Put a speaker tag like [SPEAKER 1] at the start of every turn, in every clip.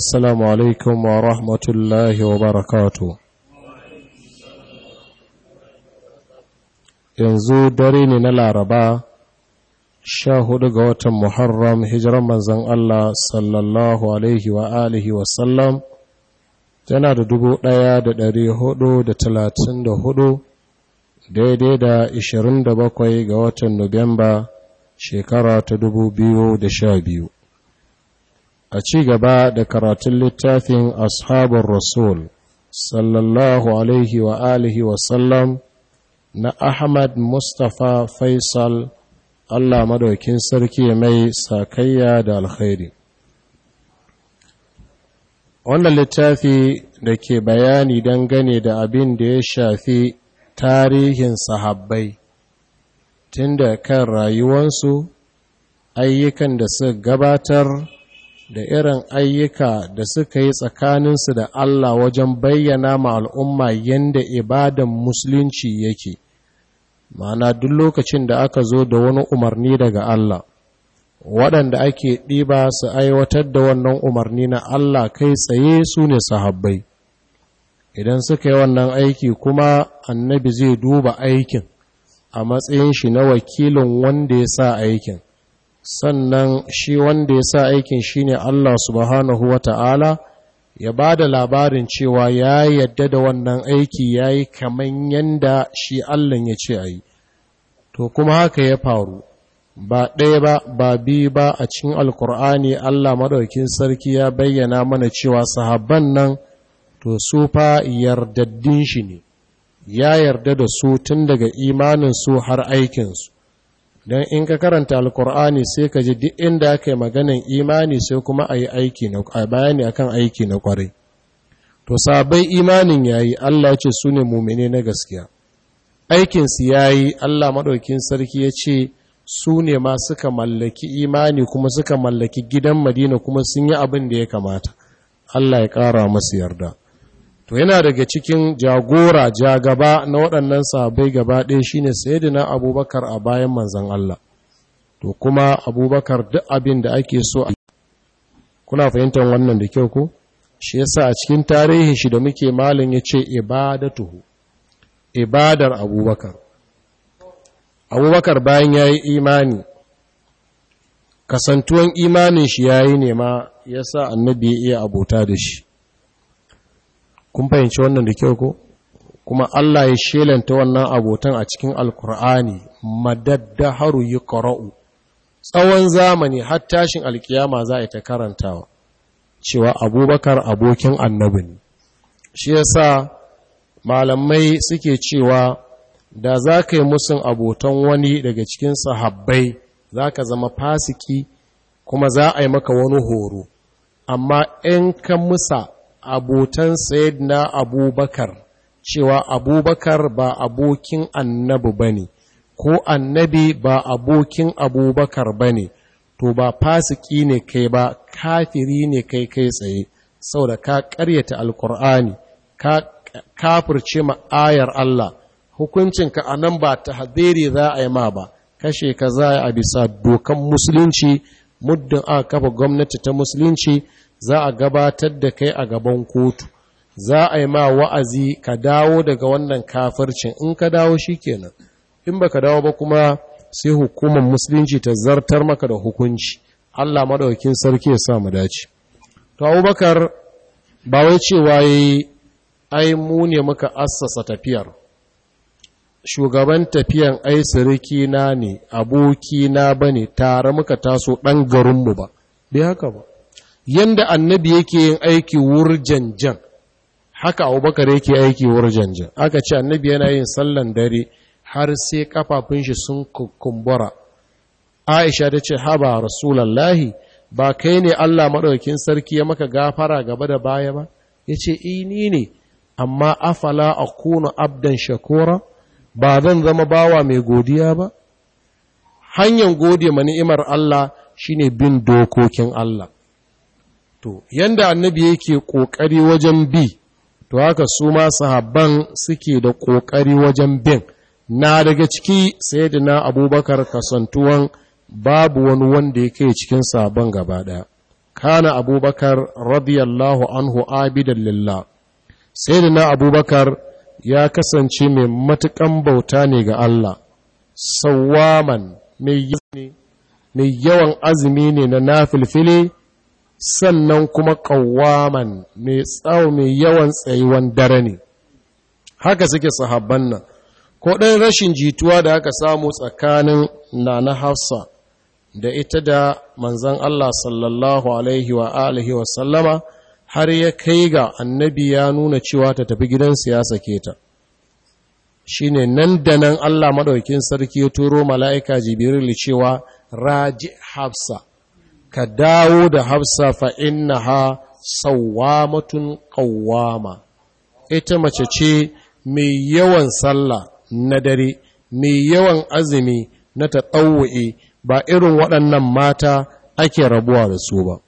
[SPEAKER 1] السلام عليكم ورحمة الله وبركاته yanzu dare ne na laraba sha hudu ga watan muharram hijiran manzan Allah sallallahu alaihi wa alihi tana da dubu ɗaya da dari hudu da talatin da hudu daidai da ishirin da bakwai ga watan nuwamba shekara ta dubu biyu da sha biyu a ci gaba da karatun littafin ashabar rasul sallallahu alaihi wa alihi wasallam na ahmad mustapha faisal allah madaukin sarki mai sakayya da alkhairi wannan littafi da ke bayani dangane da abin da ya shafi tarihin sahabbai tun da kan rayuwansu ayyukan da suka gabatar da irin ayyuka da suka yi tsakaninsu da Allah wajen bayyana ma al'umma yadda ibadan musulunci yake, mana duk lokacin da aka zo da wani umarni daga Allah, waɗanda ake ɗiba su aiwatar da wannan umarni na Allah kai tsaye su ne sahabbai. Idan suka yi wannan aiki kuma annabi zai duba aikin a matsayin shi na wakilin wanda ya sa aikin. sannan shi wanda ya sa aikin shi ne Allah subhanahu wa ta'ala ya ba da labarin cewa ya yadda da wannan aiki ya yi kaman yanda shi Allah ya ce a yi to kuma haka ya faru ba ɗaya ba ba biyu ba a cikin alkur'ani Allah maɗaukin sarki ya bayyana mana cewa sahabban nan to su fa yardaddin shi ne ya yarda da su tun daga imanin su har aikinsu don in ka karanta alkur'ani sai ka ji duk inda aka yi maganan imani sai kuma a yi bayani akan aiki na kwarai to sabai imanin yayi Allah ce su ne na gaskiya aikinsu yayi Allah maɗaukin sarki ya ce su ne ma suka mallaki imani kuma suka mallaki gidan madina kuma sun yi abin da ya kamata Allah ya kara masu yarda to yana daga cikin jagora ja gaba na waɗannan sabai gaba ɗaya shine na abubakar a bayan manzan Allah to kuma abubakar duk abin da ake so a kuna fahimtar wannan da kyau ko shi yasa a cikin tarihi shi da muke malin yace ibadatuhu ibadar abubakar abubakar bayan ya yi imani kasantuwan imanin shi ya yi nema ya sa annabi ya iya abota da shi kun fahimci wannan da kyau ko kuma Allah ya shelanta wannan abotan a cikin alkur'ani Haru yi ƙara'u tsawon zamani har tashin alkiyama za a ta karanta. cewa abubakar abokin annabi ne shi sa malamai suke cewa da za ka yi musun abotan wani daga cikin sahabbai za ka zama fasiki kuma za a yi maka wani horo amma in ka musa abotan na abubakar cewa abubakar ba abokin annabi ba ne ko annabi ba abokin abubakar ba ne to ba fasiki ne kai ba kafiri ne kai kai tsaye saboda ka karyata alkur'ani ka kafirce ma'ayar Allah hukuncin ka anan ba ta hadiri za a yi ma ba kashe ka za a bisa dokan musulunci muddin aka kafa gwamnati ta musulunci za a gabatar da kai a gaban kotu za a yi ma wa'azi ka dawo daga wannan kafircin in ka dawo shikenan in baka dawo ba kuma sai hukumar musulunci ta zartar maka da hukunci Allah maɗaukin sarki ya sa mu dace to Abubakar ba wai cewa yi ai mu ne muka assasa tafiyar shugaban tafiyan ai siriki na ne aboki na ne, tare muka taso ɗan garinmu ba bai haka ba yadda annabi yake yin aiki jan haka abubakar yake aiki jan aka ce annabi yana yin sallan dare har sai kafafun shi sun kumbura aisha ta ce haba rasulallahi ba kai ne allah maɗaukin sarki ya maka gafara gaba da baya ba ya ce ini ne amma afala a kuna abdan shakora ba zan zama bawa mai godiya ba hanyar gode ma ni'imar Allah shine bin dokokin Allah to yanda annabi yake kokari wajen bi to haka su ma sahabban suke da kokari wajen bin na daga ciki na, abubakar kasantuwan babu wani wanda yake cikin sahabban gaba daya kana abubakar radiyallahu anhu abidan lillah sayyidina abubakar ya kasance mai matukan bauta ne ga Allah sawaman mai yawan azumi ne na nafilfile sannan kuma kawaman mai tsawo mai yawan tsayuwan dare ne haka suke sahabban nan ko ɗan rashin jituwa da aka samu tsakanin na na hafsa da ita da manzan Allah sallallahu alaihi wa wa sallama har ya kai ga annabi ya nuna cewa ta tafi gidan ya sake ta shi ne nan da nan Allah maɗaukin sarki ya turo mala'ika jibril cewa raji hafsa ka dawo da hafsa fa innaha sawwamatun ƙawama ita mace ce mai yawan sallah na dare mai yawan azumi na taɗawo'e ba irin waɗannan mata ake rabuwa da su ba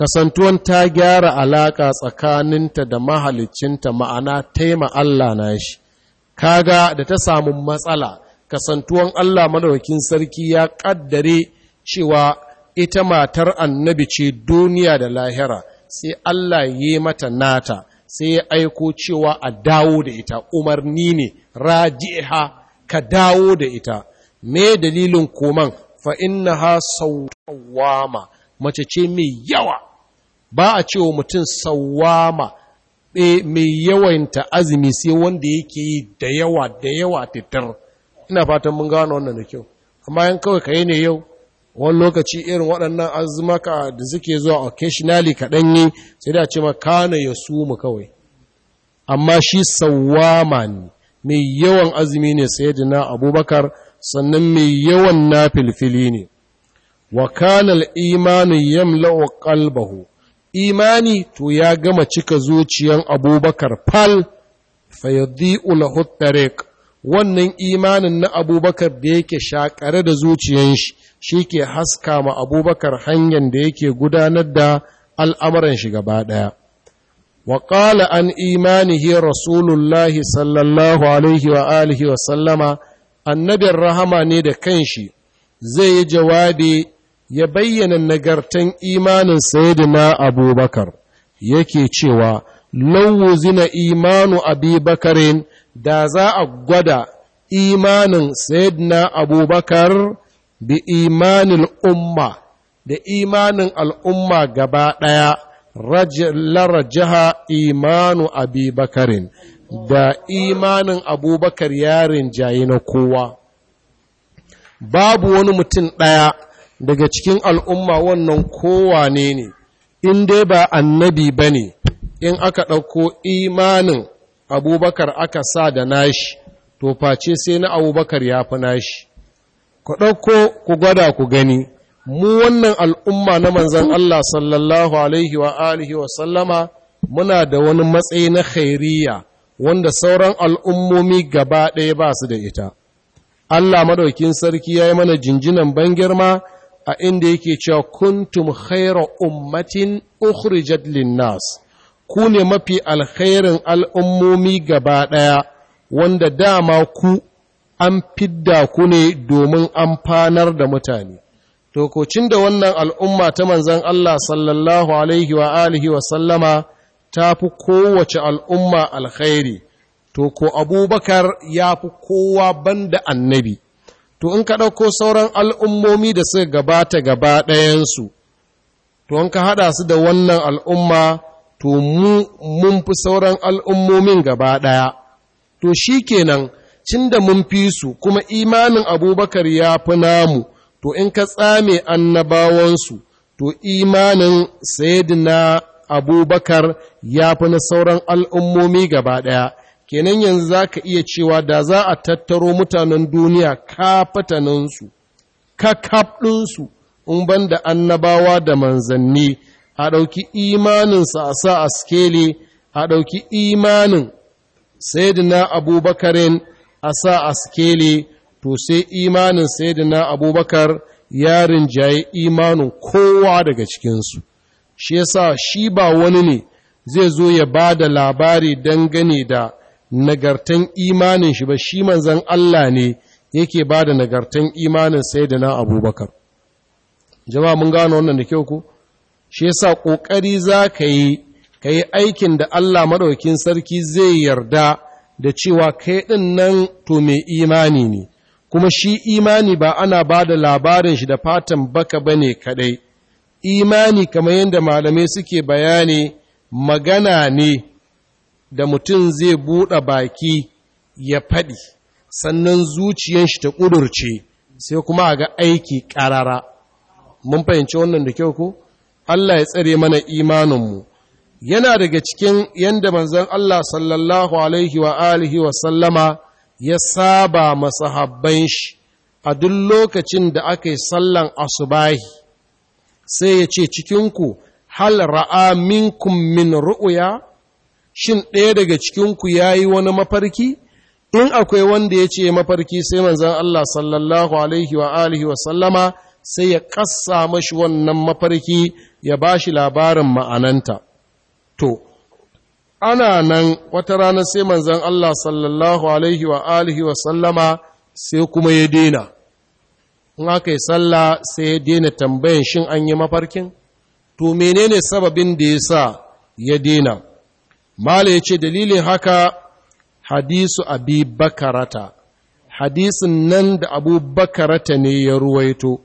[SPEAKER 1] kasantuwan ta gyara alaƙa tsakaninta da mahalicinta ma'ana taima Allah na shi kaga da ta samu matsala kasantuwan Allah madawakin sarki ya ƙaddare cewa ita matar annabi ce duniya da lahira sai Allah yi mata nata sai ya aiko cewa a dawo da ita umarni ne rajiha ka dawo da ita me dalilin koman fa innaha sawwama mace ce mai yawa ba a cewa mutum sawama e, mai yawanta azumi sai wanda yake yi da yawa da yawa titar ina fatan mun gano wannan da kyau amma yan kawai ka yi ne yau wani lokaci irin waɗannan azumaka da suke zuwa occasionally kaɗan yi sai da ce ma kana ya su mu kawai amma shi sawama ne mai yawan azumi ne sai na abubakar sannan mai yawan na filfili ne wa kana al-imanu yamla'u imani to ya gama cika zuciyan abubakar fal fayadhi'u lahu wannan imanin na abubakar da yake shakare da zuciyan shi shi ke haska ma abubakar hanyar da yake gudanar da al'amuran shi gaba ɗaya. wa ƙala an imanihi rasulullahi sallallahu alaihi wa alihi wa sallama annabin rahama ne da kanshi zai yi jawabi ya bayyana nagartan imanin sayyidina abubakar yake cewa lawu zina imanu abubakarin da za a gwada imanin sayyidina abubakar bi imanin umma da imanin al'umma gaba ɗaya larajaha imanu abubakarin da imanin abubakar yarin jayi na kowa babu wani mutum ɗaya daga cikin al'umma wannan kowane ne in dai ba annabi ba ne in aka ɗauko imanin abubakar aka sa da nashi to face sai na abubakar ya fi nashi ku ɗauko ku gwada ku gani mu wannan al'umma na manzan Allah sallallahu alaihi wa alihi wa sallama muna da wani matsayi na khairiyya wanda sauran al'ummomi gaba ɗaya ba su da ita. Allah maɗaukin sarki ya yi mana jinjinan ban girma a inda yake cewa kuntum khaira ummatin ukhrijat linnas ku ne mafi alkhairin al'ummomi gaba ɗaya wanda dama ku an fidda ku ne domin amfanar da mutane tokocin da wannan al'umma ta Manzon, Allah sallallahu alaihi wa alihi wa sallama ta fi kowace al'umma alkhairi to ko abubakar ya fi kowa banda annabi to in ka ɗauko sauran al'ummomi da suka gabata gaba ɗayansu to in ka haɗa su da wannan al'umma to mun fi sauran al'ummomin gaba ɗaya to shi kenan cin da mun fi su kuma imanin abubakar ya fi namu to in ka tsame annabawansu to imanin sayidina abubakar ya fi na sauran al'ummomi gaba ɗaya kenan yanzu za ka iya cewa da za a tattaro mutanen duniya kafataninsu kakafɗinsu in ban da annabawa da manzanni a ɗauki imaninsa a sa a skele a ɗauki imanin sayidina abubakarin a sa a skele to sai imanin sayidina abubakar ya jaye imanin kowa daga cikinsu shi yasa shi ba wani ne zai zo ya ba da labari dangane da nagartan imanin shi ba shi manzan Allah ne yake ba da nagartan imanin sai da na abubakar jama'a mun gano wannan da kyau ku shi yasa ƙoƙari za ka yi ka yi aikin da Allah maɗaukin sarki zai yarda da cewa kai ɗin nan to mai imani ne kuma shi imani ba ana ba da labarin shi da fatan baka ba ne kaɗai imani kamar yadda malamai suke bayani magana ne da mutum zai buɗe baki ya faɗi sannan zuciyan shi ta ƙudurce sai kuma a ga aiki ƙarara mun fahimci wannan da kyau ko Allah ya tsare mana imaninmu yana daga cikin yadda manzon Allah sallallahu alaihi wa alihi wa sallama ya saba masahabban shi a duk lokacin da aka yi sallan asubahi sai ya ce cikinku hal ra'a minkum min shin ɗaya daga cikinku ya yi wani mafarki in akwai wanda ya ce mafarki sai manzan Allah sallallahu alaihi wa alihi wa sallama sai ya ƙasa mashi wannan mafarki ya ba shi labarin ma'ananta to ana nan wata rana sai manzan Allah sallallahu alaihi wa alihi wa sallama sai kuma ya dena in aka yi sallah sai ya dena tambayan shin an yi mafarkin to menene sababin da ya sa ya dena Mala ya ce dalilin haka hadisu abi bakarata, hadisin nan da abu bakarata ne ya ruwaito,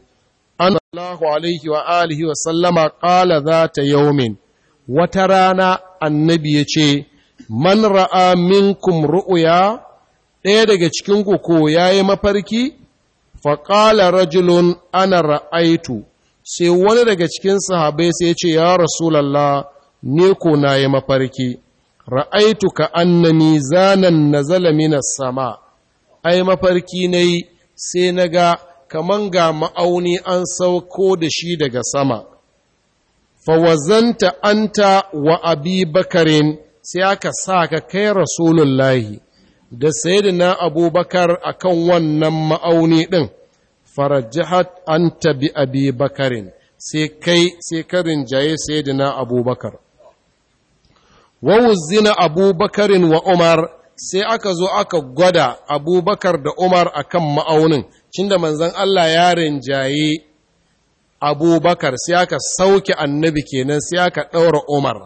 [SPEAKER 1] an Allahu alaihi wa alihi wa sallama ƙala za ta min. wata rana annabi ya ce, Man ra'a minkum ru'uya, ɗaya daga cikin ko ya yi mafarki, faƙala rajulun ana ra'aitu, sai wani daga cikin sahabai sai ce, Ya Rasulallah, ne ko na yi mafarki. ra'aitu ka annani zanen nazala minas sama ai mafarki nayi sai na ga kaman ga ma'auni an sauko da shi daga sama fawazanta anta wa abi bakarin sai aka sa ka kai rasulullahi da sayyidina abubakar akan wannan ma'auni ɗin farajihat anta bi abi bakarin sai kai sai karin jaye sayyidina abubakar wa wuzzina abubakarin wa umar sai aka zo aka gwada abubakar da umar akan ma'aunin cinda manzon Allah ya rinjaye abubakar sai aka sauke annabi kenan sai aka ɗaura umar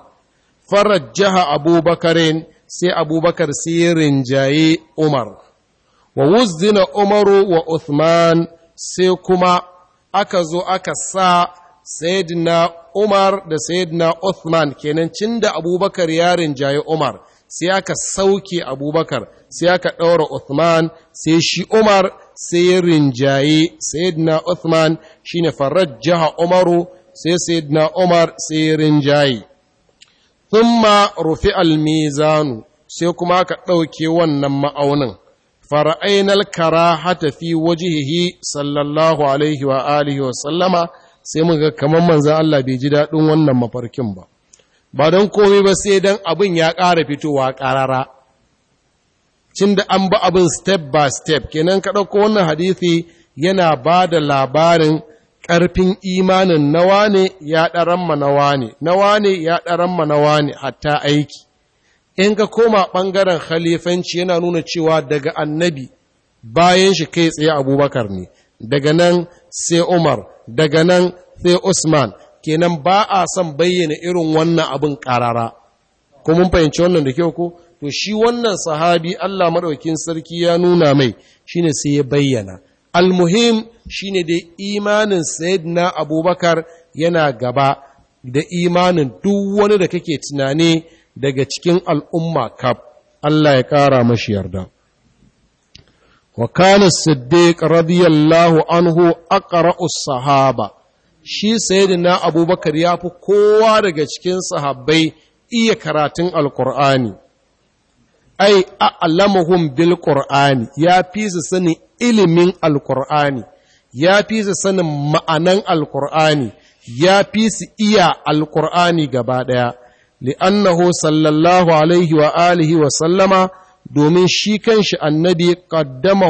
[SPEAKER 1] jiha abubakarin sai abubakar sai ya rinjaye umar wawuzina umaru wa uthman sai kuma aka zo aka sa sayyidina Umar da Sayyidina Uthman kenan cin da Abubakar yarin jaye Umar sai aka sauke Abubakar sai aka ɗaura Uthman sai shi Umar sai ya rinjaye Sayyidina Uthman shi farar farajjaha Umaru sai Sayyidina Umar sai ya rinjaye thumma rufi almizanu sai kuma aka ɗauke wannan ma'aunin fara'ainal karahata fi wajihihi sallallahu alaihi wa alihi wa sallama sai muka kamar manzan Allah bai ji daɗin wannan mafarkin ba ba don komai ba sai don abin ya ƙara fitowa ƙarara cin da an ba abin step by step kenan ka ɗauko wannan hadithi yana ba da labarin ƙarfin imanin nawa ne ya ɗaran ma nawa ne, nawa ne ya ɗaran ma nawa ne hatta aiki. In ka koma ɓangaren khalifanci yana nuna cewa daga annabi bayan shi kai tsaye abubakar ne, daga nan sai Umar daga nan sai Usman kenan ba a son bayyana irin wannan abin karara kuma fahimci wannan da kyau ko to shi wannan sahabi Allah maɗaukin sarki ya nuna mai shine sai ya bayyana almuhim shine da imanin na Abubakar yana gaba da imanin duk wani da kake tunani daga cikin al'umma kaf Allah ya ƙara mashi yarda wa kana siddiq radiyallahu anhu aqra'u sahaba shi na abubakar ya fi kowa daga cikin sahabbai iya karatun alqur'ani ai a'lamuhum bil qur'ani ya fi su sanin ilimin alqur'ani ya fi su sanin ma'anan alqur'ani ya fi su iya alqur'ani gaba daya li'annahu sallallahu alaihi wa alihi wa sallama domin shi kan shi annabi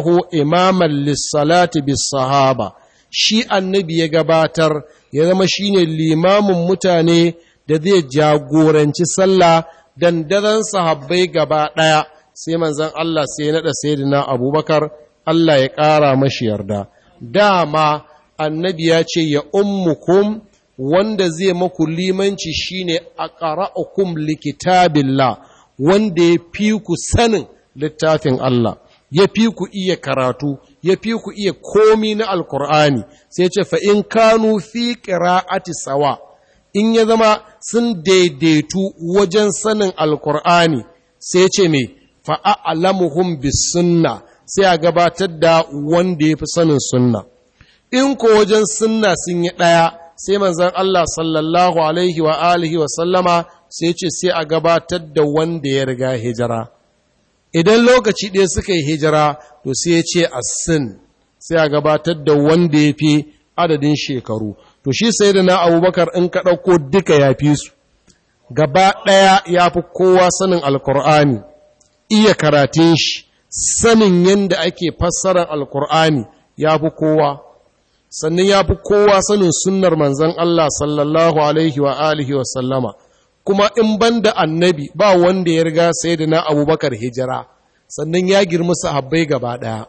[SPEAKER 1] ho imaman lissalati bis sahaba shi annabi ya gabatar ya zama shine limamin mutane da zai jagoranci sallah dandazon sahabbai gaba ɗaya sai manzan Allah sai ya naɗa dina Abubakar Allah ya ƙara mashi yarda dama annabi ya ce ya ummukum wanda zai maku limanci shine aqra'ukum likitabillah wanda ya fi ku sanin littafin Allah ya fi ku iya karatu ya fi ku iya komi na alkur'ani sai ce fa in kanu fi qira'ati sawa in ya zama sun daidaitu wajen sanin alkur'ani sai ce me fa bis sunna sai a gabatar da wanda ya fi sanin sunna in ko wajen sunna sun yi ɗaya sai manzon Allah sallallahu alaihi wa alihi wa sallama sai ce sai a gabatar da wanda ya riga hijira idan lokaci ɗaya suka yi hijira to sai ya ce asin sai a gabatar da wanda ya fi adadin shekaru to shi sai da na abubakar in ka ɗauko duka ya fi su gaba ɗaya ya fi kowa sanin alkur'ani iya karatun shi sanin yadda ake fassarar alkur'ani ya fi kowa sannan ya fi kowa sanin sunnar Manzon Allah sallallahu alaihi wa alihi wa sallama kuma in banda annabi ba wanda ya riga sai da na abubakar hijira sannan ya girma sahabbai gaba ɗaya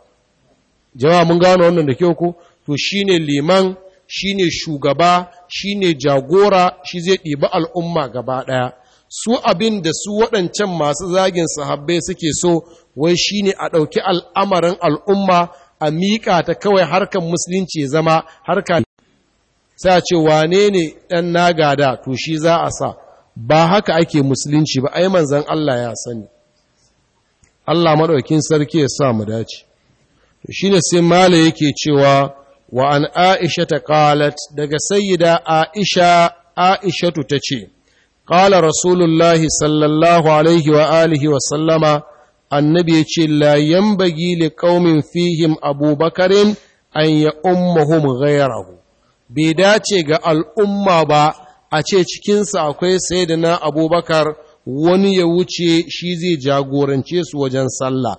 [SPEAKER 1] jama'a mun gano wannan da kyau ko to shi ne liman shi ne shugaba shi ne jagora shi zai ɗiba al'umma gaba ɗaya su abin da su waɗancan masu zagin sahabbai suke so wai ne a ɗauki al'amarin al'umma a miƙa ta kawai harkar musulunci zama harka sai a ce wane ne ɗan gada to shi za a sa ba haka ake musulunci ba ai manzan Allah ya sani Allah maɗaukin sarki ya sa mu dace to shine sai mala yake cewa wa an aisha ta qalat daga sayyida aisha aishatu tace qala rasulullahi sallallahu alaihi wa alihi wa sallama annabi yace la yanbaghi liqaumin fihim abubakarin an ya ummahum ghayrahu bai dace ga al'umma ba a ce cikinsa akwai sai da na abubakar wani ya wuce shi zai jagorance su wajen sallah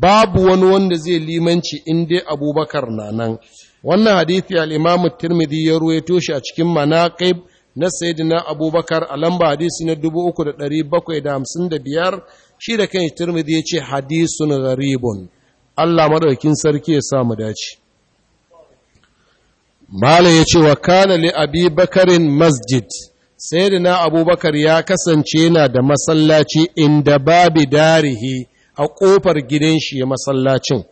[SPEAKER 1] babu wani wanda zai limanci in abubakar na nan wannan hadithi al'imamu turmidi ya ruwaito shi a cikin kai na sayidina abubakar a lamba hadisi na 3,755 shi da kan turmidi ya ce hadisun gharibun allah maɗaukin sarki ya samu dace Malam ya ce wa kana li abi bakarin masjid, na Abubakar ya kasance yana da masallaci inda babi darihi a ƙofar gidan shi masallacin.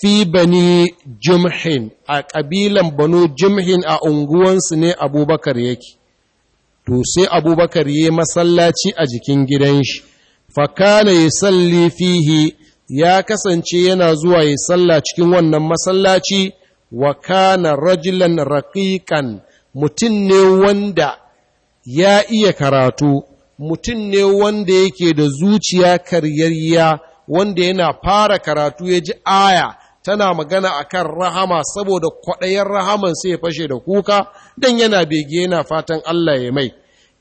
[SPEAKER 1] Fi bani Jumhin a ƙabilan banu Jumhin a unguwansu ne Abubakar yake. To sai Abubakar ya masallaci a jikin gidan shi, fakana ya salli fihi ya kasance yana zuwa ya salla cikin wannan masallaci. wa kana rajulan raqiqan mutum ne wanda ya iya karatu mutum ne wanda yake da zuciya karyayya wanda yana fara karatu ya ji aya tana magana akan rahama saboda kwaɗayen rahaman sai ya fashe da kuka dan yana bege yana fatan Allah ya mai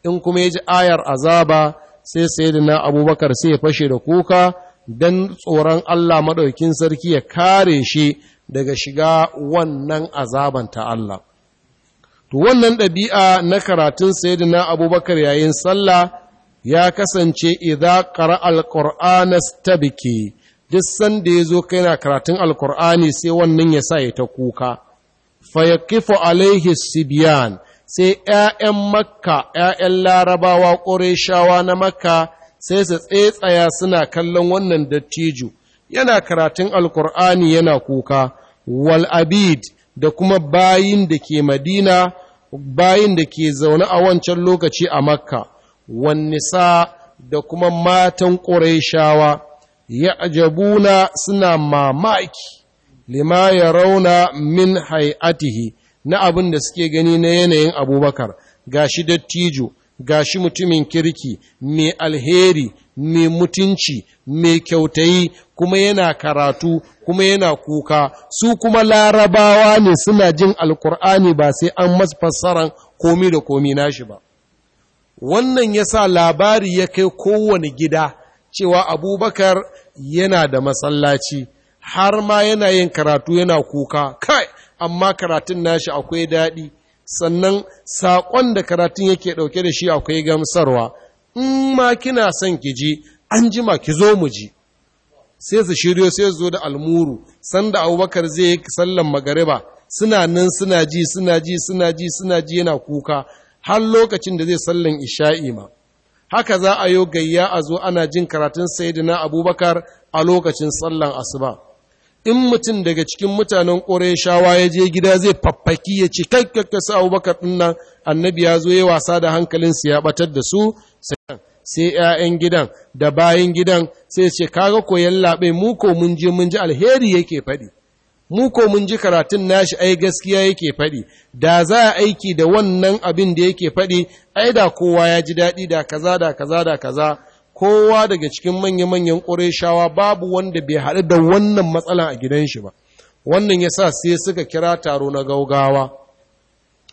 [SPEAKER 1] in kuma ya ji ayar azaba sai sayyidina abubakar sai ya fashe da kuka dan tsoron Allah maɗaukin sarki ya kare shi daga shiga wannan azaban ta Allah to wannan ɗabi'a na karatun sayyidina abubakar yayin sallah ya kasance idan ƙara al’ur'ana ta biki. duk sanda ya yazo kaina karatun al’ur'ani sai wannan ya sa ya ta kuka fayakifu alaihi sibiyan sai ‘ya'yan makka ‘ya'yan larabawa shawa na makka sai su tsaya suna kallon wannan dattijo yana karatun alkur'ani yana kuka wal abid da kuma bayin da ke madina bayin da ke zaune a wancan lokaci a makka wan nisa da kuma matan ƙurayshawa ya ajabuna suna mamaki lima ya rauna min hai'atihi na abin da suke gani na yanayin abubakar gashi dattijo gashi mutumin kirki mai alheri mai mutunci mai kyautayi kuma yana karatu kuma yana kuka su kuma larabawa ne suna jin alkur'ani ba sai an masu fassaran komi da komi nashi ba wannan ya sa labari ya kai kowane gida cewa abubakar yana da masallaci har ma yana yin karatu yana kuka kai amma karatun nashi akwai daɗi sannan saƙon da karatun yake ɗauke da shi akwai gamsarwa in ma kina son ki ji an jima ki zo mu ji sai su shiryo sai su zo da almuru sanda abubakar zai yi sallan magariba suna nan suna ji suna ji suna ji suna ji yana kuka har lokacin da zai sallan isha'i ma haka za a yo gayya a zo ana jin karatun sayyidina abubakar a lokacin sallan asuba in mutum daga cikin mutanen shawa ya je gida zai faffaki ya ci kai abubakar ɗinnan, annabi ya zo ya wasa da hankalinsu ya ɓatar da su sai 'ya'yan gidan da bayan gidan sai ce kaga koyan labe mu ko mun je mun ji alheri yake faɗi mu ko mun ji karatun nashi ai gaskiya yake faɗi da za a aiki da wannan abin da yake faɗi ai da kowa ya ji daɗi da kaza da kaza da kaza kowa daga cikin manya-manyan ƙureshawa babu wanda bai haɗu da wannan matsala a gidan shi ba wannan yasa sai suka kira taro na gaugawa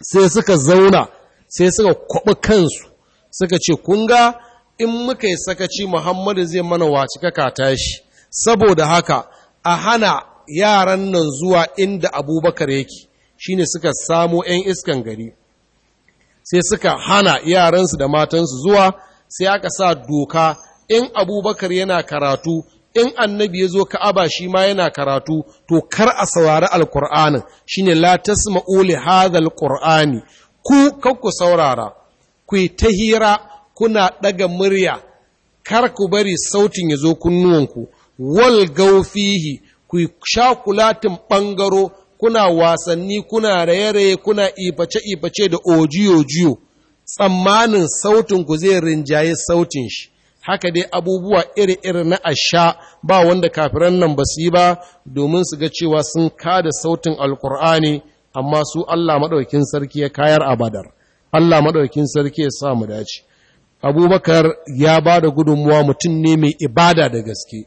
[SPEAKER 1] sai suka zauna sai suka kwaɓi kansu suka ce kun ga in muka yi sakaci muhammadu zai mana waci kaka tashi saboda haka a hana yaran nan zuwa inda abubakar yake shine suka samo 'yan iskan gari sai suka hana yaransu da matansu zuwa sai aka sa doka in abubakar yana karatu in annabi ya zo ka'aba shi ma yana karatu to kar a saurari alkur'anin shine la tasma'u li hadha alqur'ani ku kakku saurara ku ta hira kuna ɗaga murya kar ku bari sautin ya zo kunnuwanku wal gaufihi ku sha kulatin ɓangaro kuna wasanni kuna raye-raye kuna iface-iface da ojiyo-jiyo tsammanin ku zai rinjaye sautin shi haka dai abubuwa iri-iri na asha ba wanda kafiran nan ba su yi ba domin su ga cewa sun kada sautin alkur'ani amma su Allah maɗaukin sarki ya kayar abadar Allah maɗaukin sarki ya samu dace abubakar ya ba da gudunmuwa mutum ne mai ibada da gaske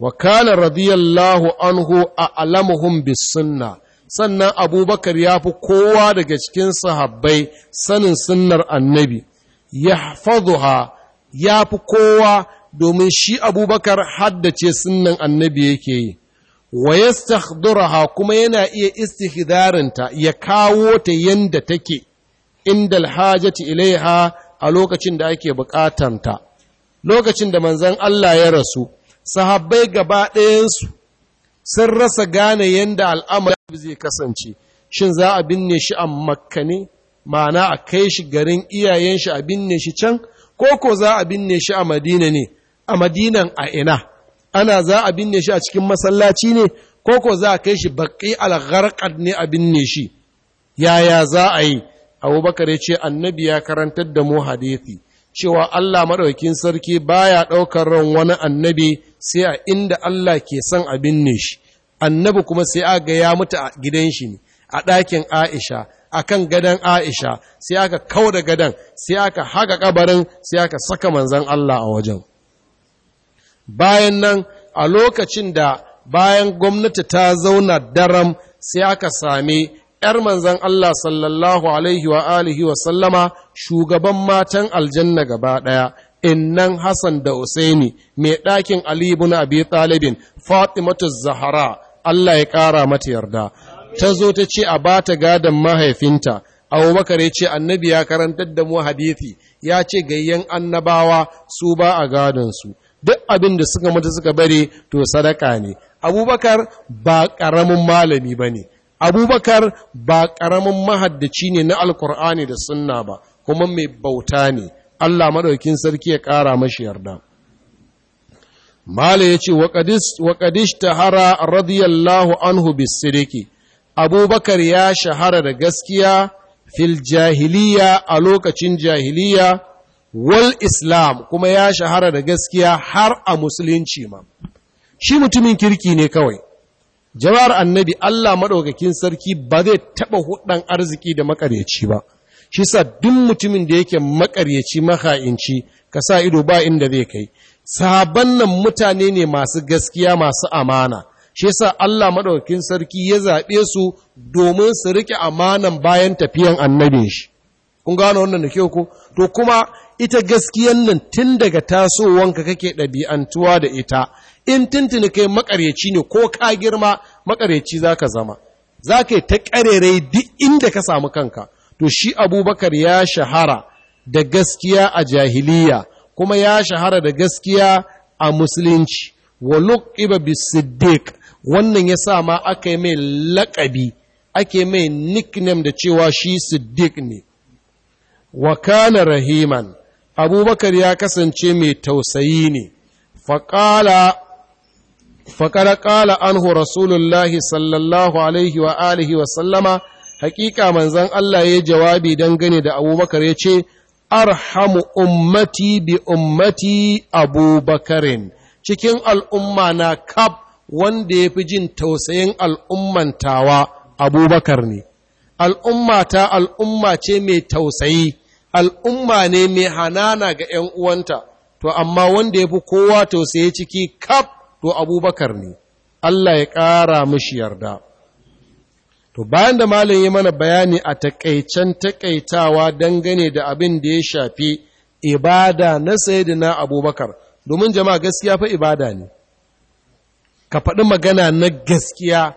[SPEAKER 1] Wakana kana radiyallahu anhu a alamuhun sunna sannan abubakar ya fi kowa daga cikin sahabbai sanin sunnar annabi ya faduha ya fi kowa domin shi abubakar haddace sunnan annabi yake yi wa yastakhduraha kuma yana iya istihdarinta ya kawo ta yanda take inda alhajati ilaiha a lokacin da ake bukatanta lokacin da manzan Allah ya rasu sahabbai gaba ɗayansu sun rasa gane yadda al'amari zai kasance shin za a binne shi a makka ne ma'ana a kai shi garin iyayen shi a binne shi can ko ko za a binne shi a madina ne a madinan a ina ana za a binne shi a cikin masallaci ne ko ko za a kai shi baƙi algharqad ne a binne shi yaya za a yi abubakar ya ce annabi ya karantar da mu hadithi cewa Allah maɗaukin sarki baya ɗaukar ran wani annabi sai a inda Allah ke son abin binne shi annabi kuma sai aga ya mutu a gidan shi ne a ɗakin Aisha a kan gadon Aisha sai aka kau da gadon sai aka haka kabarin sai aka saka manzan Allah a wajen bayan nan a lokacin da bayan gwamnati ta zauna daram sai aka same. ‘yar manzan Allah sallallahu Alaihi wa alihi wa sallama shugaban matan aljanna gaba ɗaya, innan Hassan da Usaini, mai ɗakin Ali ibn Abi Talibin, Fatimatu Zahara, Allah ya ƙara mata yarda. Ta zo ta ce a bata gadon mahaifinta, Abubakar ya ce annabi ya karantar da mu hadithi, ya ce gayyan annabawa su ba a gadon su. Duk abin da suka mutu suka bari to sadaka ne. Abubakar ba ƙaramin malami ba ne, abubakar ba ƙaramin mahaddaci ne na alkur'ani da sunna ba kuma mai bauta ne allah maɗaukin sarki ya ƙara mashi yarda mala ya ce waƙadish hara radiyallahu anhu bisidiki abubakar ya shahara da gaskiya fil jahiliya a lokacin jahiliya wal islam kuma ya shahara da gaskiya har a musulunci ma shi mutumin kirki ne kawai jama'ar annabi Allah maɗaukakin sarki ba zai taɓa hudan arziki da makaryaci ba shi sa duk mutumin da yake makaryaci maha'inci ka sa ido ba inda zai kai sahabban nan mutane ne masu gaskiya masu amana shi sa Allah maɗaukakin sarki ya zaɓe su domin su riƙe amanan bayan tafiyan annabin shi kun gano wannan da kyau ko to kuma ita gaskiyan nan tun daga tasowanka kake ɗabi'antuwa da ita in tuntuni kai makaryaci ne ko ka girma makaryaci za ka zama za ka yi ta ƙarere duk inda ka samu kanka to shi abubakar ya shahara da gaskiya a jahiliya kuma ya shahara da gaskiya a musulunci wa luqiba bisiddiq wannan ya sa ma aka yi mai laƙabi ake mai nickname da cewa shi siddiq ne wa kana rahiman abubakar ya kasance mai tausayi ne faƙala faƙar ƙala anhu rasulullahi sallallahu alaihi wa wa sallama haƙiƙa manzan Allah ya jawabi gani da abubakar ya ce arhamu ummati bi ummati abubakarin cikin al'umma na kaf wanda ya fi jin tausayin al'ummantawa abubakar ne al'umma ta al'umma ce mai tausayi al'umma ne mai hanana ga ‘yan uwanta to amma wanda ya fi kowa tausayi ciki kaf to abubakar ne Allah ya ƙara mashi yarda to bayan da malam ya mana bayani a taƙaicen taƙaitawa dangane da abin da ya shafi ibada na na abubakar domin jama'a gaskiya fa ibada ne ka faɗi magana na gaskiya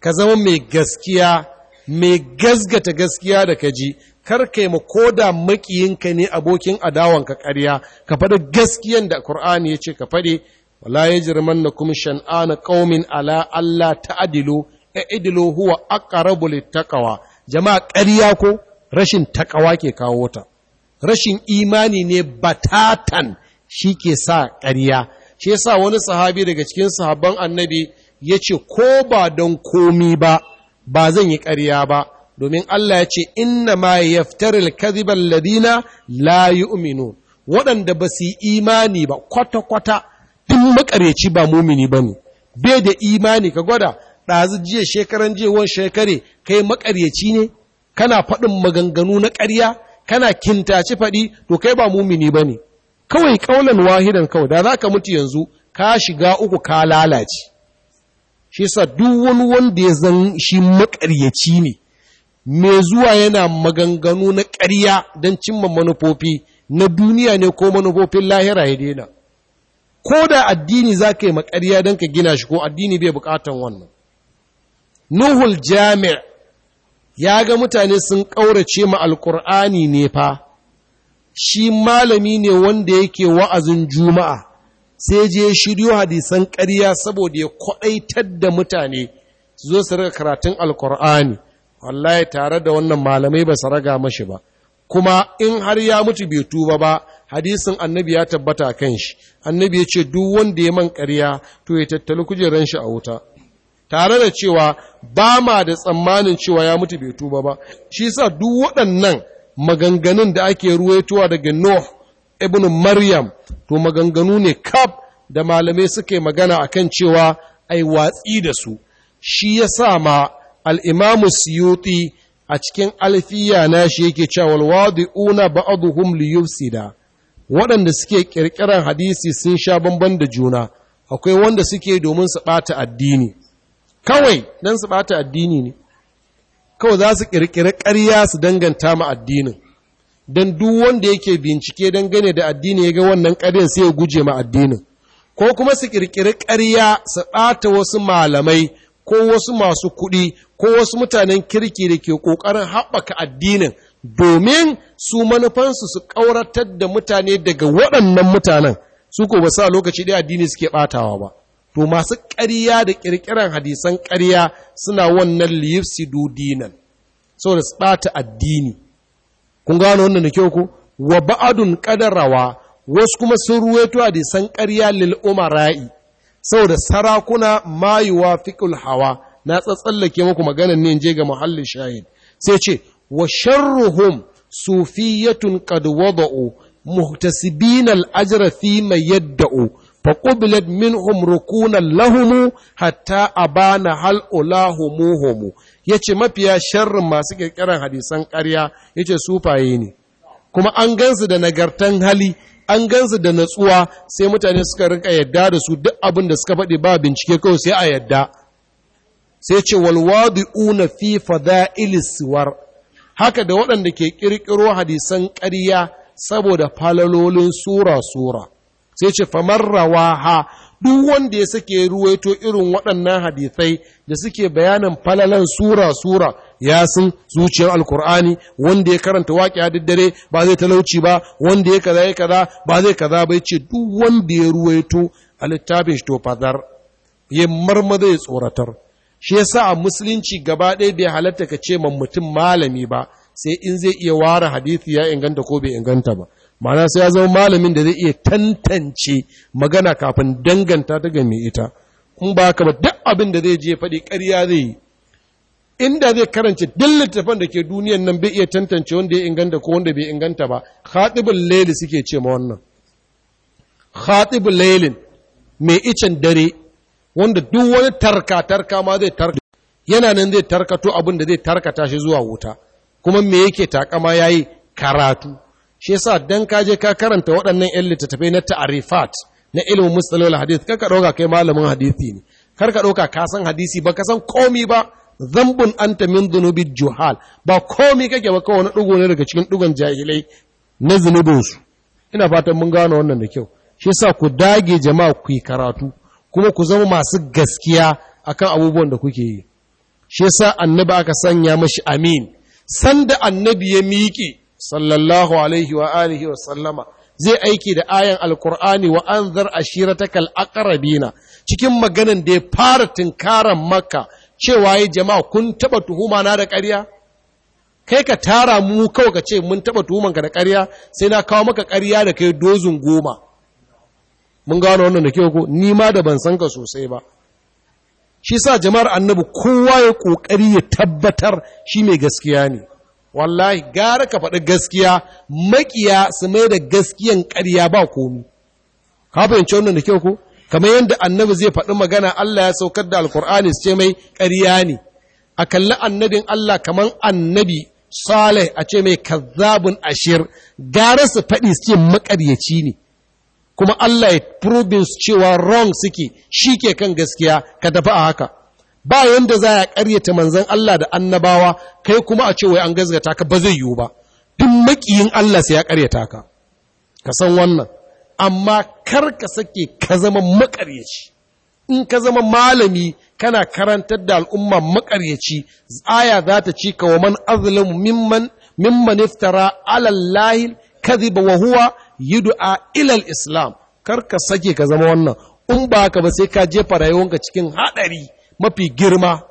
[SPEAKER 1] ka zama mai gaskiya mai gasgata gaskiya da ka ji kar ka yi da makiyinka ne abokin adawanka karya ka faɗi gaskiyan da ƙur'ani ya ce ka faɗi wala kuma shan'ana qaumin ala alla ta'dilu i'dilu huwa aqrabu littaqwa jama'a ƙarya ko rashin takawa ke kawo ta rashin imani ne batatan shi ke sa ƙarya shi yasa wani sahabi daga cikin sahabban annabi ya ce ko ba don komi ba ba zan yi ƙarya ba domin Allah ya ce inna ma yaftaril kadhibal ladina la yu'minun waɗanda ba su yi imani ba kwata-kwata duk makareci ba mumini ba ne bai da imani ka gwada ɗazu jiya shekaran jewon shekare kai makareci ne kana faɗin maganganu na ƙarya kana kintaci faɗi to kai ba mumini ba ne kawai ƙaunar wahidan kawai da za ka mutu yanzu ka shiga uku ka lalace shi sa duk wani wanda ya zan shi makaryaci ne Me zuwa yana maganganu na ƙarya don cimma manufofi na duniya ne ko manufofin lahira ya daina ko da addini za ka yi makariya don ka gina shi ko addini bai bukatan wannan nuhul Jami'a ya ga mutane sun ƙaurace ma alkur'ani ne fa shi malami ne wanda yake wa'azin juma'a sai je shiryo hadisan ƙarya saboda ya kwaɗaitar da mutane su zo su raga karatun alkur'ani wallahi tare da wannan malamai ba su raga mashi ba kuma in har ya mutu bai tuba ba hadisin annabi ya tabbata kan shi annabi ya ce duk wanda ya man ƙarya to ya tattali kujeran shi a wuta tare da cewa ba ma da tsammanin cewa ya mutu bai tuba ba shi sa duk waɗannan maganganun da ake ruwaitowa daga Nuh ibn Maryam to maganganu ne kaf da malamai suke magana akan cewa ai watsi da su shi ya sa ma al'imamu siyuti a cikin alfiya na shi yake cewa walwadi una ba'aduhum liyufsida waɗanda suke ƙirƙirar hadisi sun sha bamban da juna akwai wanda suke domin su ɓata addini kawai don su ɓata addini ne kawai za su ƙirƙiri ƙarya su danganta ma addinin don duk wanda yake bincike don gane da addini ya ga wannan ƙaryar sai ya guje ma addinin ko kuma su ƙirƙiri ƙarya su ɓata wasu malamai ko wasu masu kuɗi ko wasu mutanen kirki da ke ƙoƙarin haɓaka addinin domin su manufansu su ƙauratar da mutane daga waɗannan mutanen su ko ba sa lokaci ɗaya addini suke ɓatawa ba to masu ƙarya da ƙirƙiran hadisan ƙarya suna wannan liyufsidu dinan saboda su ɓata addini kun gano wannan da kyau ko wa ba'adun ƙadarawa wasu kuma sun ruwaito hadisan ƙarya lil umara'i saboda sarakuna mayuwa fiƙul hawa na tsatsallake muku maganar ne in je ga muhallin shahid sai ce wa sharruhum sufiyatun qad wada'u muhtasibina al-ajra fi ma yadda'u fa min minhum rukunan lahumu hatta a abana hal ulahumuhum yace mafiya sharrin masu kirkiran hadisan ƙarya yace sufaye ne kuma an gansu da nagartan hali an gansu da natsuwa sai mutane suka rinka yadda da su duk abin da suka faɗi ba bincike kawai sai a yadda sai ce walwadi'una fi fada'ilis siwar haka da waɗanda ke ƙirƙiro hadisan ƙarya saboda falalolin sura-sura sai ce famar rawa ha duk wanda ya sake ruwaito irin waɗannan hadisai da suke bayanin falalan sura-sura ya sun zuciyar alkur'ani wanda ya karanta waƙi a daddare ba zai talauci ba wanda ya kaza ya kaza ba zai kaza ba ce duk wanda ya ruwaito a littafin shi to fadar ya marmaza ya tsoratar shi yasa a musulunci gaba ɗaya bai halatta ka ce man mutum malami ba sai in zai iya ware hadithi ya inganta ko bai inganta ba ma'ana sai ya zama malamin da zai iya tantance magana kafin danganta ta game ita in ba ka ba duk abin da zai je faɗi ƙarya zai yi inda zai karance duk littafan da ke duniyan nan bai iya tantance wanda ya inganta ko wanda bai inganta ba khatibul layli suke ce ma wannan khatibul laylin mai icen dare wanda duk wani tarka-tarka ma zai tarka yana nan zai tarkato abin da zai tarkata shi zuwa wuta kuma me yake takama ya yi karatu shi yasa dan ka je ka karanta waɗannan ƴan littattafai na ta'arifat na ilimin mustalahul hadith kar ka ɗauka kai malamin hadisi ne kar ka ɗauka ka san hadisi ba ka san komi ba zambun anta min dhunubi juhal ba komi kake ba kawai wani ɗugo ne daga cikin ɗugon jahilai na zunubinsu ina fatan mun gane wannan da kyau shi yasa ku dage jama'a ku yi karatu kuma ku zama masu gaskiya akan abubuwan da kuke yi shi yasa annabi aka sanya mashi amin sanda annabi ya miƙe sallallahu alaihi wa alihi wa sallama zai aiki da ayan alkur'ani wa anzar ashirataka alaqrabina cikin maganan da ya fara tinkaran maka, cewa ya jama'a kun taba tuhuma na da ƙarya kai ka tara mu kawai ka ce mun taba tuhumanka ka da ƙarya sai na kawo maka ƙarya da kai dozin goma mun gano wannan da kyau ko ni ma da ban san ka sosai ba shi sa jama'ar annabi kowa ya kokari ya tabbatar shi mai gaskiya ne wallahi gara ka faɗi gaskiya makiya su mai da gaskiyan ƙarya ba komi ka fahimci wannan da kyau ko kamar yadda annabi zai faɗi magana Allah ya saukar da alkur'ani su ce mai ƙarya ne a kalli annabin Allah kamar annabi Saleh a ce mai kazzabun ashir gara su faɗi su ce maƙaryaci ne kuma Allah ya probins cewa wrong suke shi ke kan gaskiya ka dafa a haka ba yanda za a ƙaryata manzan Allah da annabawa kai kuma a cewa an gazgata ka ba zai yiwu ba duk makiyin Allah sai ya karyata ka ka san wannan amma kar ka sake ka zama makaryaci in ka zama malami kana karantar da al'umma makaryaci aya za ta ci ka wa man azlamu mimman mimman iftara alallahi kadhiba wa huwa yi du'a ilal islam kar ka sake ka zama wannan in ba ka ba sai ka jefa rayuwanka cikin haɗari mafi girma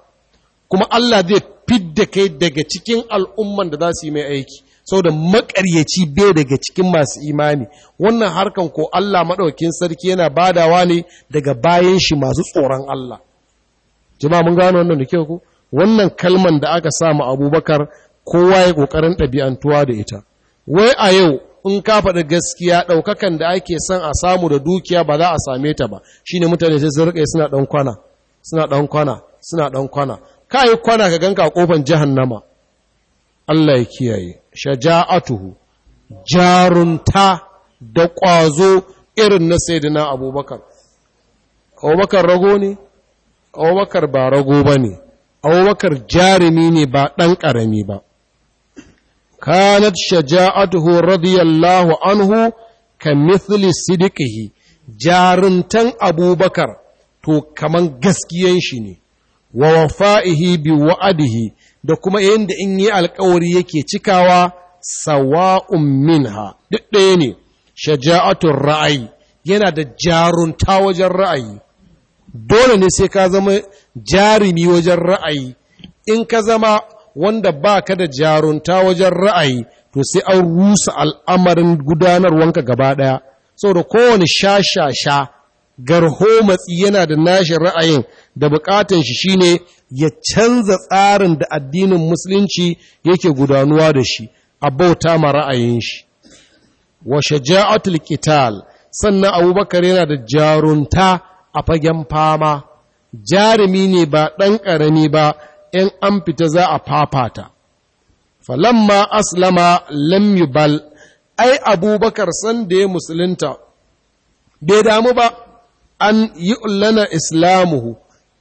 [SPEAKER 1] kuma Allah zai fidda kai daga cikin al'umman da za su yi mai aiki saboda makaryaci bai daga cikin masu imani wannan harkan ko Allah maɗaukin sarki yana badawa ne daga bayan shi masu tsoron Allah jama'a mun gano wannan da kyau ko wannan kalman da aka samu abubakar kowa ya ƙoƙarin ɗabi'antuwa da ita wai a yau in ka faɗi gaskiya ɗaukakan da ake son a samu da dukiya ba za a same ta ba Shi ne mutane sai sun rike suna ɗan kwana suna ɗan kwana suna ɗan kwana ka yi kwana ka ganka a ƙofan jahannama Allah ya kiyaye shaja'atuhu jarunta da ƙwazo irin na sayyidina abubakar abubakar rago ne abubakar ba rago ba ne abubakar jarumi ne ba ɗan ƙarami ba كانت shaja'atuhu radiyallahu anhu عنه كمثل صدقه jaruntan abubakar to تو gaskiyan shi ne wa wafa'ihi bi wa'adihi da kuma yadda in yi alkawari yake cikawa sawa'un minha duk ɗaya ne shaja'atun ra'ayi yana da jarunta wajen ra'ayi dole ne sai ka zama jarumi wajen ra'ayi in ka zama wanda ba ka da jarunta wajen ra'ayi to sai an rusa al'amarin gudanarwanka gaba ɗaya saboda kowane sha-sha-sha garho matsi yana da nashi ra'ayin da bukatan shi shine ya canza tsarin da addinin musulunci yake gudanuwa da shi a bauta ma ra'ayin shi wa shaja'atul qital sannan abubakar yana da jarunta a fagen fama jarumi ne ba ɗan ƙarami ba in an fita za a fafata falamma aslama lam bal, ai abubakar san da ya musulunta bai damu ba an yi ulana islamuhu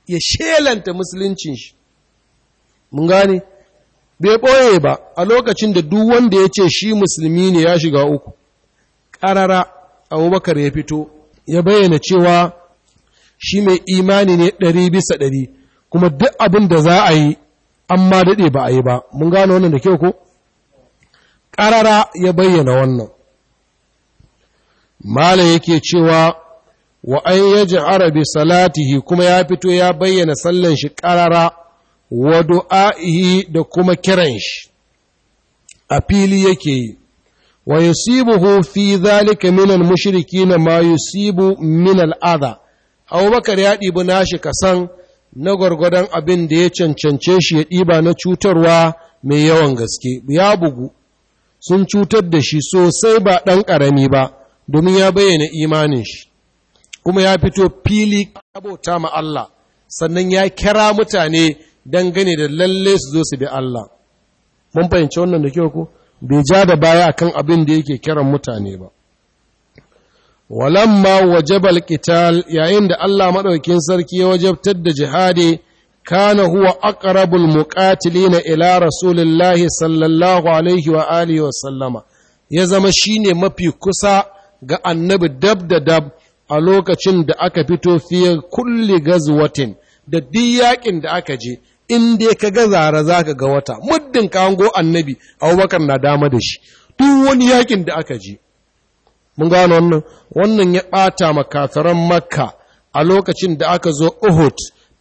[SPEAKER 1] ya shelanta musuluncin shi mun gane bai ɓoye ba a lokacin da duk wanda ya ce shi musulmi ne ya shiga uku ƙarara abubakar ya fito ya bayyana cewa shi mai imani ne ɗari bisa ɗari kuma duk abin da za a yi an ma daɗe ba a yi ba mun gane wannan da kyau ko ƙarara ya bayyana wannan mala yake cewa wa an yaji arabi salatihi kuma ya fito ya bayyana sallan shi ƙarara wa du'a'ihi da kuma kiran shi a fili yake yi wa yusibuhu fi zalika min al na ma yusibu min al-adha Abubakar ya ɗibi nashi kasan na gwargwadon abin da ya cancance shi ya ɗiba na cutarwa mai yawan gaske ya bugu sun cutar da shi sosai ba ɗan ƙarami ba domin ya bayyana imanin shi kuma ya fito fili abota ma Allah sannan ya kira mutane dangane da lalle su zo su bi Allah mun fahimci wannan da kyau ko bai ja da baya akan abin da yake kiran mutane ba walamma wajabal qital yayin da Allah maɗaukin sarki ya wajabtar da jihadi kana huwa muƙatili na ila rasulillahi sallallahu alaihi wa alihi wa sallama ya zama shine mafi kusa ga annabi dab da dab a lokacin da aka fito fiye kulli gazwatin da duk yakin da aka je in dai ka ga zara zaka ga wata muddin ka ango annabi Abubakar na dama da shi duk wani yaƙin da aka je mun gano wannan wannan ya ɓata makafiran makka a lokacin da aka zo uhud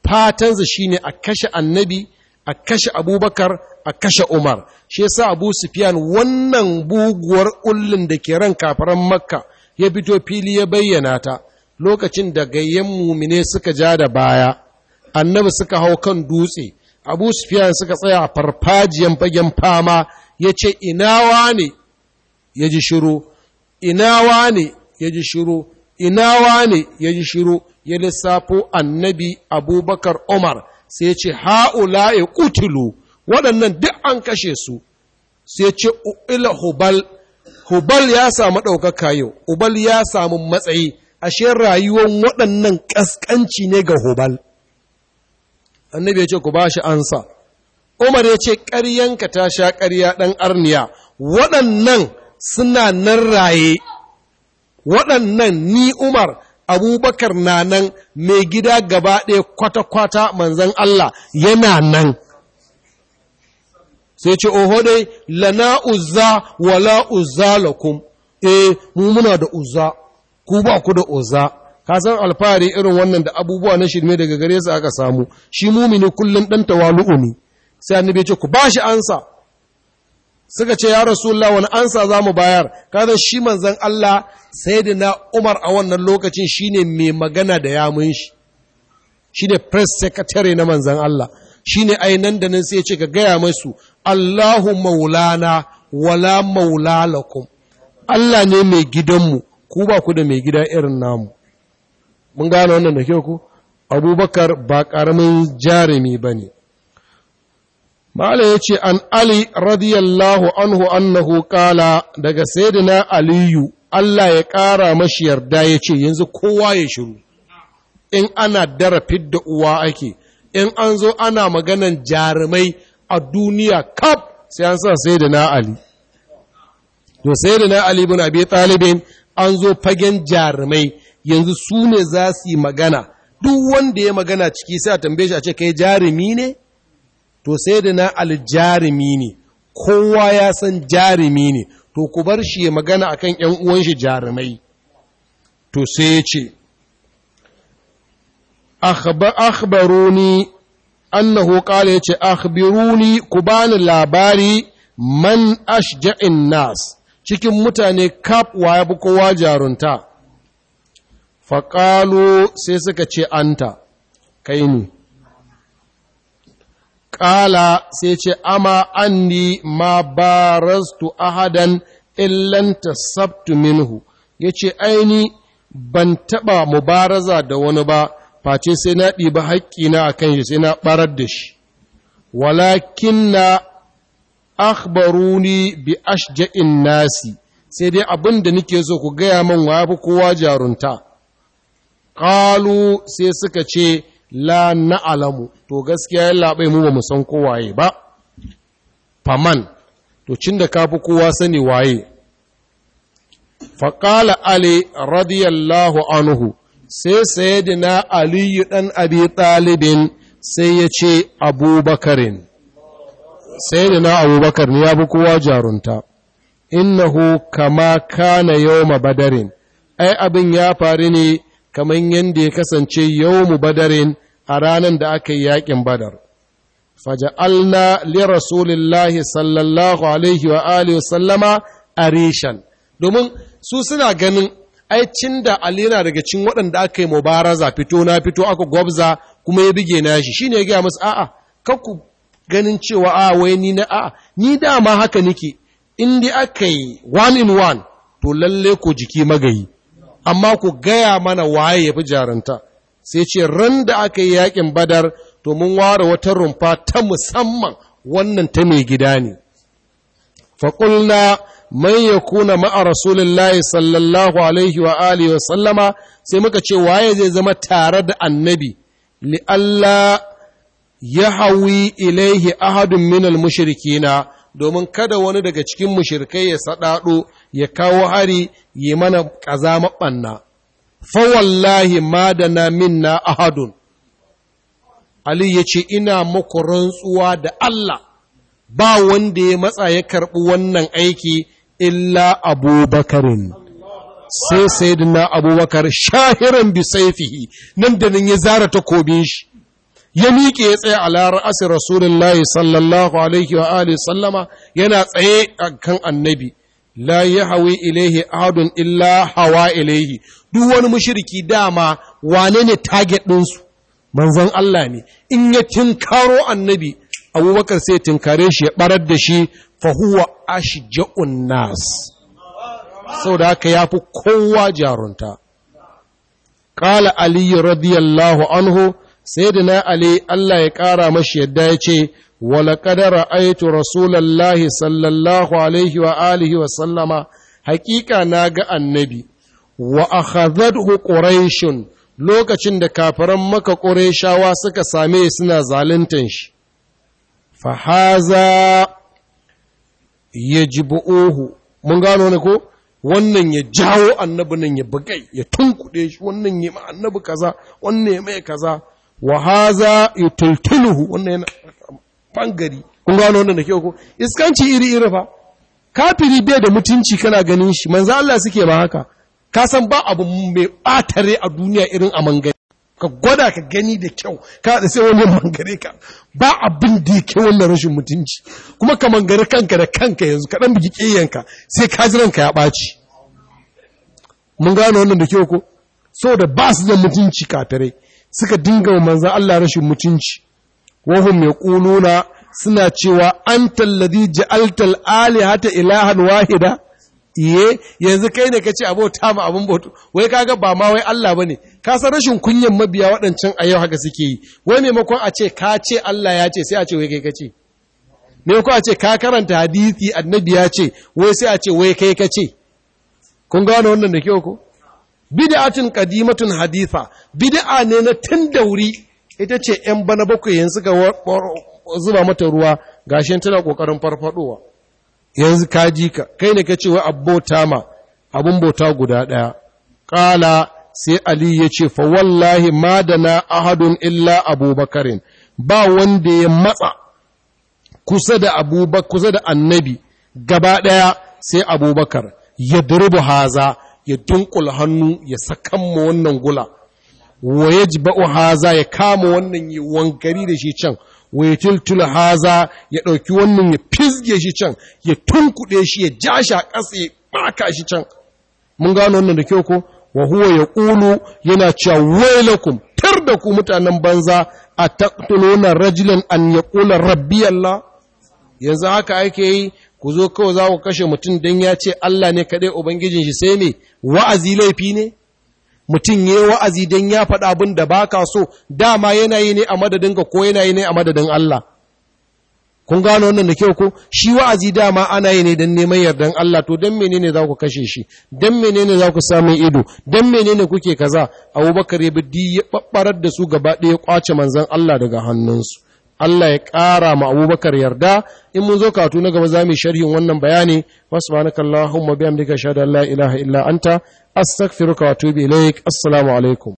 [SPEAKER 1] fatansa shine a kashe annabi a kashe abubakar a kashe umar shi yasa abu sufyan wannan buguwar ullin da ke ran kafiran makka ya fito fili ya bayyana ta lokacin da gayyen mumine suka ja da baya annabi suka hau kan dutse abu sufyan suka tsaya a farfajiyan bagen fama ya ce ina ne ya ji shiru ina ne ya ji shiru inawa ne ya ji shiru ya lissafo annabi abubakar umar sai ce ha'ula ya kutulu waɗannan duk an kashe su sai ce ila hubal hubal ya samu ɗaukaka yau hubal ya samu matsayi ashe rayuwar waɗannan ƙasƙanci ne ga hubal annabi ya ce ku ba shi ansa umar ya ce ƙaryanka ta sha ƙarya ɗan arniya waɗannan suna nan raye waɗannan ni umar abubakar na nan mai gida gaba ɗaya kwata-kwata manzan Allah yana nan sai ce oho dai lana uzza wala uzza lakum eh mu muna da uzza ku ba ku da uzza ka san alfahari irin wannan da abubuwa na shirme daga gare su aka samu shi mumini kullum ɗan tawalu'u ne sai annabi ce ku ba shi ansa suka ce ya rasulullah wani ansa za mu bayar kada shi manzan Allah sai da na umar a wannan lokacin shine mai magana da ya mun shi shine press secretary na manzan Allah shine nan da nan sai ce ka gaya masu Allahu maulana wala maula lakum Allah ne mai gidanmu ku ba ku da mai gida irin namu mun gane wannan da kyau ku abubakar ba karamin jarumi ba ne Mala ya ce, An Ali radiyallahu anhu annahu kala daga Saidina Aliyu, Allah ya ƙara mashi yarda ya ce, Yanzu kowa ya shiru, in ana darafin da uwa ake, in an zo ana maganan jarumai a duniya kaf sai an sa Saidina Ali. To, Saidina Ali bin Abi Talibin an zo fagen jarumai, yanzu su ne za su yi magana, duk wanda ya magana ciki sai a tambaye shi a ce, Kai jarumi ne?' to sai da na aljarimi ne kowa ya san jarimi ne to ku bar shi ya magana a kan ’yan’uwan shi jarumai to sai ya ce akhbaruni annahu qala yace akhbiruni ku bani labari man ashja'in nas cikin mutane kaf ya bi kowa jarunta faƙalo sai suka ce anta kai ne Kala sai ce, Ama anni ma barastu ahadan illanta sabtu minhu, ya ce, Aini ban taɓa mubaraza da wani ba, face sai na ɗiba haƙƙina a kan shi sai na ɓarar da shi, walakin na akhbaruni bi ashja'in nasi, sai dai abin da nake so ku gaya min wa fi kowa jarunta. Ƙalu sai suka ce, la na'alamu to gaskiya ya labai mu ba mu san ko waye ba faman to cin da kafi kowa sani waye faƙala ali radiyallahu anhu sai sayyidina aliyu ɗan abi ɗalibin sai ya ce abubakarin sayyidina abubakar ne ya fi kowa jarunta innahu kama kana yawma badarin ai abin ya faru ne kamar yadda ya kasance yau mu badarin a ranar da aka yi yaƙin badar. Allah li Rasulillahi sallallahu alaihi wa alihi sallama a reshen, domin su suna ganin aicin da Ali na daga cin waɗanda aka yi mubaraza fito na fito aka gwabza kuma ya bige na shi, shi ne ya gaya musu a'a, kakku ganin cewa a wai ni na a'a, ni dama haka nake, in aka yi one in one, to lalle ko jiki magayi. amma ku gaya mana waye ya fi jaranta sai ce ran da aka yi yakin badar to mun ware wata rumfa ta musamman wannan ta mai gida ne faƙulna man ya kuna ma'a rasulullahi sallallahu alaihi wa alihi wa sallama sai muka ce waye zai zama tare da annabi li'alla ya hawi ilaihi ahadun minal mushrikina domin kada wani daga cikin mushirkai ya saɗaɗo ya kawo hari yi mana ƙaza maɓanna. fawallahi ma da na minna ahadun Ali ya ce ina muku rantsuwa da Allah ba wanda ya matsa ya karɓi wannan aiki illa abubakarin sai sayyidina abubakar shahiran bisaifihi nan da nan ya zara takobin shi ya miƙe ya tsaye ala rasulun rasulullahi sallallahu alaihi wa alihi sallama yana tsaye a kan annabi la yahawi ilaihi adun illa hawa ilaihi duk wani mushiriki dama wane ne target ɗinsu? su manzon Allah ne in ya tinkaro annabi abubakar sai tinkare shi ya ɓarar da shi fa huwa ashja'un nas Sau saboda haka fi kowa jarunta qala ali radiyallahu anhu sayyidina ali Allah ya ƙara mashi yadda ya ce wala qadara aitu rasulullahi sallallahu alaihi wa alihi wa sallama haƙiƙa na ga annabi wa akhadhathu quraishun lokacin da kafiran maka quraishawa suka same suna zaluntan shi fa haza yajibuhu mun gano ne ko wannan ya jawo annabinin nan ya bugai ya tunkuɗe shi wannan ya ma annabi kaza wannan ya mai kaza wa haza yutultuluhu wannan yana bangari kun gano wannan da kyau ko iskanci iri iri fa kafiri bai da mutunci kana ganin shi manzo Allah suke ma haka ka san ba abu mai batare a duniya irin a mangari ka gwada ka gani da kyau ka da sai wani mangare ka ba abin da yake wannan rashin mutunci kuma ka mangare kanka da kanka yanzu ka dan bigi kiyanka sai ka ji ranka ya baci mun gano wannan da kyau ko saboda ba su da mutunci tare. suka dinga wa manzan Allah rashin mutunci wahum kununa suna cewa antal ladhi ja'altal alihata ilahan wahida iye yanzu kai ne abu ta ma abun bautu wai kaga ba ma wai Allah bane ka san rashin kunyan mabiya waɗancan a yau haka suke yi wai maimakon a ce ka ce Allah ya ce sai a ce wai kai ka ce. maimakon a ce ka karanta hadisi annabi ya ce wai sai a ce wai kai ka ce? kun gano wannan da kyau ko bid'atin qadimatun haditha bid'a ne na tun dauri ita ce ‘yan bana bakwai yanzu ga zuba mata ruwa gashin tana ƙoƙarin farfadowa yanzu ka ji ka kai ne ka ce wai abota ma abun bota guda ɗaya ƙala sai ali ya ce fa wallahi madana ahadun illa abubakarin ba wanda ya matsa kusa da abubakar kusa da annabi gaba ɗaya sai abubakar ya durbu haza ya dunkula hannu ya sakan ma wannan gula wa yajba'u haza ya kama wannan ya wankari da shi can wa ya tiltula haza ya ɗauki wannan ya fizge shi can ya tunkude shi ya jasha shi ƙasa ya ɓaka shi can mun gano wannan da kyau ko wa huwa ya ƙulu yana cewa wailakum tar da ku mutanen banza a taqtuluna rajulan an yaqula rabbi Allah yanzu haka ake yi ku zo kawai za ku kashe mutum don ya ce Allah ne kaɗai Ubangijin shi sai ne wa'azi laifi ne? Mutum ya yi wa'azi don ya faɗa abin da ba ka so, dama yana yi ne a madadin ka ko yana yi ne a madadin Allah. Kun gano wannan da kyau ko? Shi wa'azi dama ana yi ne don neman yardan Allah, to don menene za ku kashe shi, don menene za ku samun ido, don menene kuke kaza, Abubakar ya bi ya ɓaɓɓarar da su gaba ɗaya kwace manzan Allah daga hannunsu. Allah ya ƙara ma abubakar yarda in mun zo katu na gaba za mu sharhin wannan bayani wasu ma'anakan Allahumma biyan daga shaɗa Allah ilaha illa anta astaghfiruka wa tubi ilaik assalamu alaikum